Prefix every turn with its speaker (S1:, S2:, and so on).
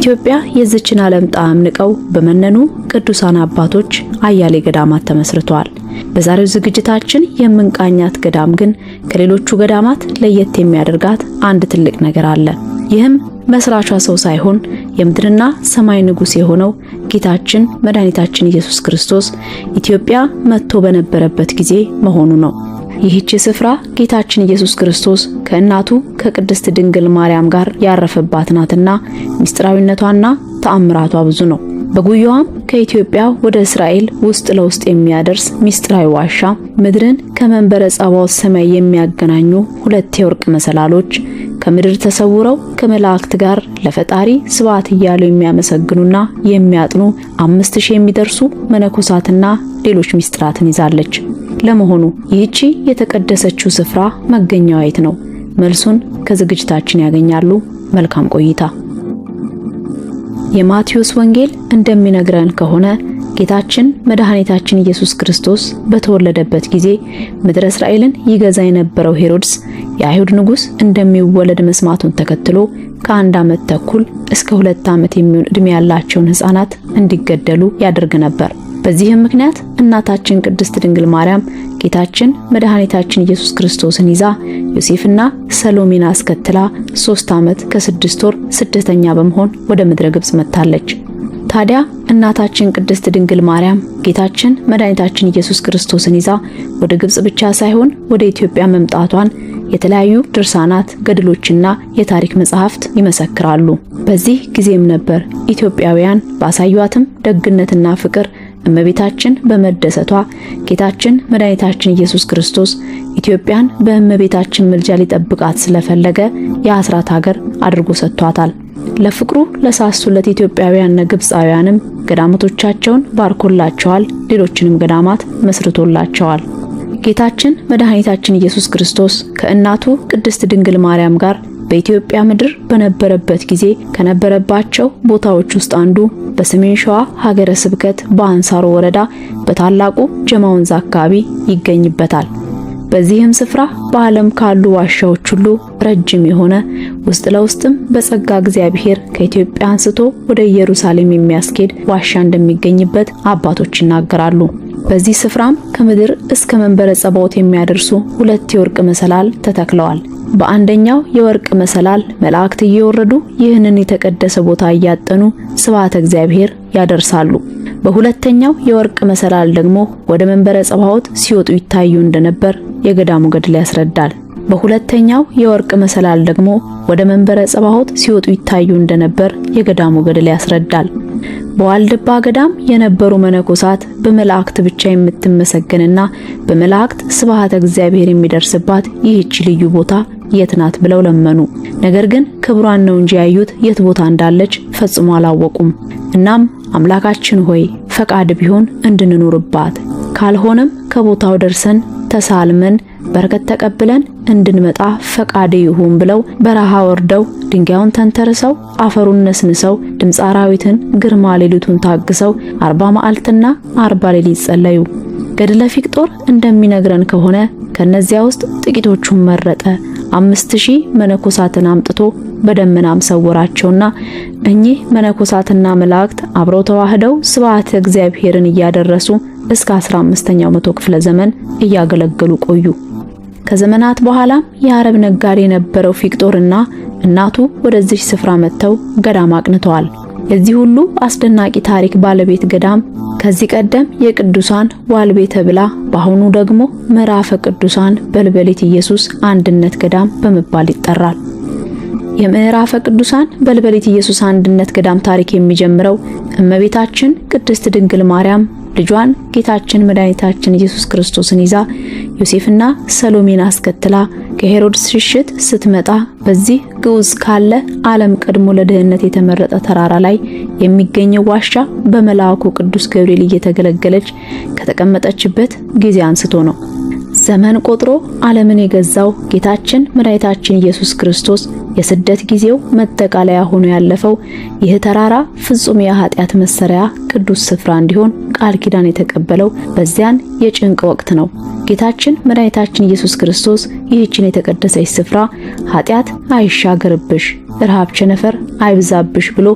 S1: ኢትዮጵያ የዝችን ዓለም ጣዕም ንቀው በመነኑ ቅዱሳን አባቶች አያሌ ገዳማት ተመስርተዋል። በዛሬው ዝግጅታችን የምንቃኛት ገዳም ግን ከሌሎቹ ገዳማት ለየት የሚያደርጋት አንድ ትልቅ ነገር አለ። ይህም መስራቿ ሰው ሳይሆን የምድርና ሰማይ ንጉስ የሆነው ጌታችን መድኃኒታችን ኢየሱስ ክርስቶስ ኢትዮጵያ መጥቶ በነበረበት ጊዜ መሆኑ ነው። ይህች ስፍራ ጌታችን ኢየሱስ ክርስቶስ ከእናቱ ከቅድስት ድንግል ማርያም ጋር ያረፈባት ናትና ምስጢራዊነቷና ተአምራቷ ብዙ ነው። በጉያዋም ከኢትዮጵያ ወደ እስራኤል ውስጥ ለውስጥ የሚያደርስ ምስጢራዊ ዋሻ፣ ምድርን ከመንበረ ጸባዖት ሰማይ የሚያገናኙ ሁለት የወርቅ መሰላሎች ከምድር ተሰውረው ከመላእክት ጋር ለፈጣሪ ስብሐት እያሉ የሚያመሰግኑና የሚያጥኑ አምስት ሺህ የሚደርሱ መነኮሳትና ሌሎች ምስጢራትን ይዛለች። ለመሆኑ ይህቺ የተቀደሰችው ስፍራ መገኛዋ የት ነው? መልሱን ከዝግጅታችን ያገኛሉ። መልካም ቆይታ። የማቴዎስ ወንጌል እንደሚነግረን ከሆነ ጌታችን መድኃኒታችን ኢየሱስ ክርስቶስ በተወለደበት ጊዜ ምድረ እስራኤልን ይገዛ የነበረው ሄሮድስ የአይሁድ ንጉስ እንደሚወለድ መስማቱን ተከትሎ ከአንድ ዓመት ተኩል እስከ ሁለት ዓመት የሚሆን ዕድሜ ያላቸውን ሕፃናት እንዲገደሉ ያደርግ ነበር። በዚህም ምክንያት እናታችን ቅድስት ድንግል ማርያም ጌታችን መድኃኒታችን ኢየሱስ ክርስቶስን ይዛ ዮሴፍና ሰሎሜን አስከትላ ሶስት ዓመት ከስድስት ወር ስደተኛ በመሆን ወደ ምድረ ግብጽ መጥታለች። ታዲያ እናታችን ቅድስት ድንግል ማርያም ጌታችን መድኃኒታችን ኢየሱስ ክርስቶስን ይዛ ወደ ግብጽ ብቻ ሳይሆን ወደ ኢትዮጵያ መምጣቷን የተለያዩ ድርሳናት፣ ገድሎችና የታሪክ መጻሕፍት ይመሰክራሉ። በዚህ ጊዜም ነበር ኢትዮጵያውያን ባሳዩአትም ደግነትና ፍቅር እመቤታችን በመደሰቷ ጌታችን መድኃኒታችን ኢየሱስ ክርስቶስ ኢትዮጵያን በእመቤታችን ምልጃ ሊጠብቃት ስለፈለገ የአስራት ሀገር አድርጎ ሰጥቷታል። ለፍቅሩ ለሳሱለት ኢትዮጵያውያንና ግብፃውያንም ገዳማቶቻቸውን ባርኮላቸዋል። ሌሎችንም ገዳማት መስርቶላቸዋል። ጌታችን መድኃኒታችን ኢየሱስ ክርስቶስ ከእናቱ ቅድስት ድንግል ማርያም ጋር በኢትዮጵያ ምድር በነበረበት ጊዜ ከነበረባቸው ቦታዎች ውስጥ አንዱ በሰሜን ሸዋ ሀገረ ስብከት በአንሳሮ ወረዳ በታላቁ ጀማ ወንዝ አካባቢ ይገኝበታል። በዚህም ስፍራ በዓለም ካሉ ዋሻዎች ሁሉ ረጅም የሆነ ውስጥ ለውስጥም በጸጋ እግዚአብሔር ከኢትዮጵያ አንስቶ ወደ ኢየሩሳሌም የሚያስኬድ ዋሻ እንደሚገኝበት አባቶች ይናገራሉ። በዚህ ስፍራም ከምድር እስከ መንበረ ጸባዖት የሚያደርሱ ሁለት የወርቅ መሰላል ተተክለዋል። በአንደኛው የወርቅ መሰላል መላእክት እየወረዱ ይህንን የተቀደሰ ቦታ እያጠኑ ስብሐተ እግዚአብሔር ያደርሳሉ። በሁለተኛው የወርቅ መሰላል ደግሞ ወደ መንበረ ጸባዖት ሲወጡ ይታዩ እንደነበር የገዳሙ ገድል ያስረዳል። በሁለተኛው የወርቅ መሰላል ደግሞ ወደ መንበረ ጸባዖት ሲወጡ ይታዩ እንደነበር የገዳሙ ገድል ያስረዳል። በዋልድባ ገዳም የነበሩ መነኮሳት በመላእክት ብቻ የምትመሰገንና በመላእክት ስብሐተ እግዚአብሔር የሚደርስባት ይህች ልዩ ቦታ የት ናት ብለው ለመኑ። ነገር ግን ክብሯን ነው እንጂ ያዩት የት ቦታ እንዳለች ፈጽሞ አላወቁም። እናም አምላካችን ሆይ ፈቃድ ቢሆን እንድንኖርባት ካልሆነም ከቦታው ደርሰን ተሳልመን በረከት ተቀብለን እንድንመጣ ፈቃድ ይሁን ብለው በረሃ ወርደው ድንጋዩን ተንተርሰው አፈሩን ነስንሰው ድምፅ አራዊትን ግርማ ሌሊቱን ታግሰው አርባ መዓልትና አርባ ሌሊት ጸለዩ። ገድለ ፊቅጦር እንደሚነግረን ከሆነ ከነዚያ ውስጥ ጥቂቶቹን መረጠ። አምስት ሺህ መነኮሳትን አምጥቶ በደመናም ሰወራቸውና እኚህ መነኮሳትና መላእክት አብረው ተዋህደው ስብዓተ እግዚአብሔርን እያደረሱ እስከ 15ኛው መቶ ክፍለ ዘመን እያገለገሉ ቆዩ። ከዘመናት በኋላም የአረብ ነጋዴ የነበረው ፊቅጦርና እናቱ ወደዚህ ስፍራ መጥተው ገዳም አቅንተዋል። የዚህ ሁሉ አስደናቂ ታሪክ ባለቤት ገዳም ከዚህ ቀደም የቅዱሳን ዋልቤ ተብላ በአሁኑ ደግሞ ምዕራፈ ቅዱሳን በልበሌት ኢየሱስ አንድነት ገዳም በመባል ይጠራል። የምዕራፈ ቅዱሳን በልበሌት ኢየሱስ አንድነት ገዳም ታሪክ የሚጀምረው እመቤታችን ቅድስት ድንግል ማርያም ልጇን ጌታችን መድኃኒታችን ኢየሱስ ክርስቶስን ይዛ ዮሴፍና ሰሎሜን አስከትላ ከሄሮድስ ሽሽት ስትመጣ በዚህ ግዑዝ ካለ ዓለም ቀድሞ ለድህነት የተመረጠ ተራራ ላይ የሚገኘው ዋሻ በመልአኩ ቅዱስ ገብርኤል እየተገለገለች ከተቀመጠችበት ጊዜ አንስቶ ነው። ዘመን ቆጥሮ ዓለምን የገዛው ጌታችን መድኃኒታችን ኢየሱስ ክርስቶስ የስደት ጊዜው መጠቃለያ ሆኖ ያለፈው ይህ ተራራ ፍጹም የኃጢአት መሰሪያ ቅዱስ ስፍራ እንዲሆን ቃል ኪዳን የተቀበለው በዚያን የጭንቅ ወቅት ነው። ጌታችን መድኃኒታችን ኢየሱስ ክርስቶስ ይህችን የተቀደሰች ስፍራ ኃጢአት አይሻገርብሽ፣ ረሃብ ቸነፈር አይብዛብሽ ብሎ